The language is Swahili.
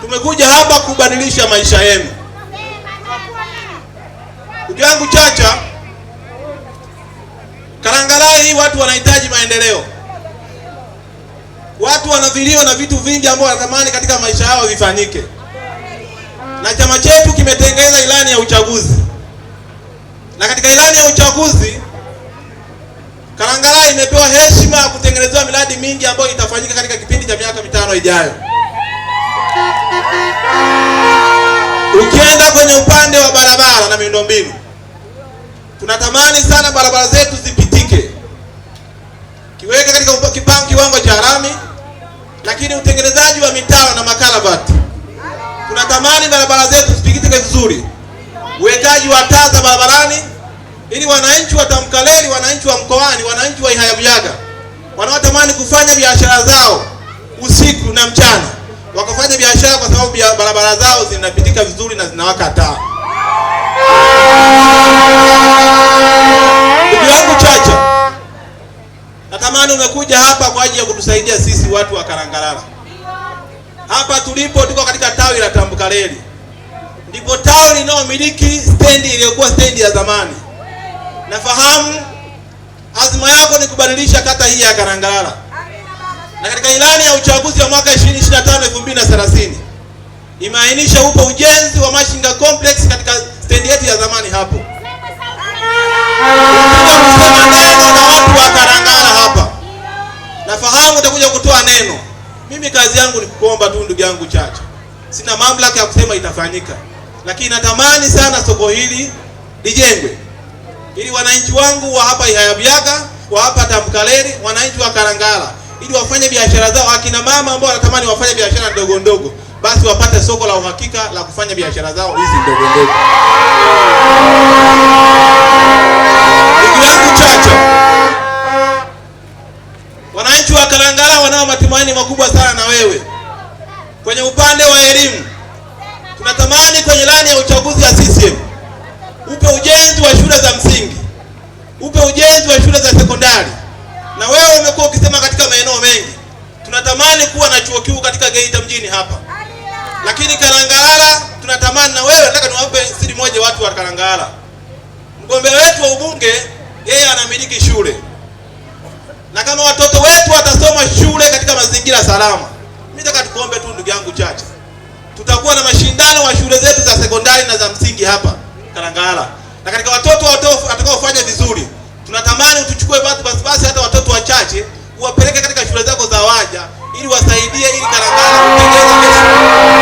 Tumekuja hapa kubadilisha maisha yenu. yangu Chacha, Karangalai hii watu wanahitaji maendeleo. Watu wanadhiliwa na vitu vingi ambao wanatamani katika maisha yao vifanyike, na chama chetu kimetengeneza ilani ya uchaguzi, na katika ilani ya uchaguzi Karangalai imepewa heshima ya kutengenezewa miradi mingi ambayo itafanyika katika kipindi cha miaka mitano ijayo. Ukienda kwenye upande wa barabara na miundombinu, tunatamani sana barabara zetu zipitike, kiweke katika kipango kiwango cha rami lakini utengenezaji wa mitaro na makalavati, tunatamani barabara zetu zipitike vizuri, uwekaji wa taa za barabarani ili wananchi wa Tamkaleli, wananchi wa Mkoani, wananchi wa Ihayabuyaga wanaotamani kufanya biashara zao usiku na mchana wakafanya biashara kwa sababu barabara zao zinapitika vizuri na zinawaka taa. Ndugu yangu Chacha, natamani umekuja hapa kwa ajili ya kutusaidia sisi watu wa karangarala Hapa tulipo tuko katika tawi la Tambukareli, ndipo tawi linalomiliki stendi iliyokuwa stendi ya zamani. Nafahamu azma yako ni kubadilisha kata hii ya karangarala na katika ilani ya uchaguzi wa mwaka 2025 2030 imeainisha upo ujenzi wa Machinga Complex katika stendi yetu ya zamani hapo na watu wa Karangara hapa. Nafahamu utakuja kutoa neno. Mimi kazi yangu ni kukuomba tu ndugu yangu Chacha, sina mamlaka ya kusema itafanyika, lakini natamani sana soko hili lijengwe ili wananchi wangu wa hapa Ihayabiaga, wa hapa Tamkaleri, wananchi wa Karangara ili wafanye biashara zao. Akina mama ambao wanatamani wafanye biashara ndogo ndogo, basi wapate soko la uhakika la kufanya biashara zao hizi ndogo ndogo. Ndugu yangu Chacha, wananchi wa Kalangala wanao matumaini makubwa sana na wewe kwenye upande wa elimu tunatamani chuo kikuu katika Geita mjini hapa. Lakini Kalangalala tunatamani na wewe, nataka niwape siri moja watu wa Kalangalala. Mgombea wetu wa ubunge yeye anamiliki shule, na kama watoto wetu watasoma shule katika mazingira salama, mimi nataka tukuombe tu ndugu yangu Chacha, tutakuwa na mashindano wa shule zetu za sekondari na za msingi hapa Kalangalala, na katika watoto watakaofanya vizuri tunatamani utuchukue basi basi hata watoto wachache día ir caratana.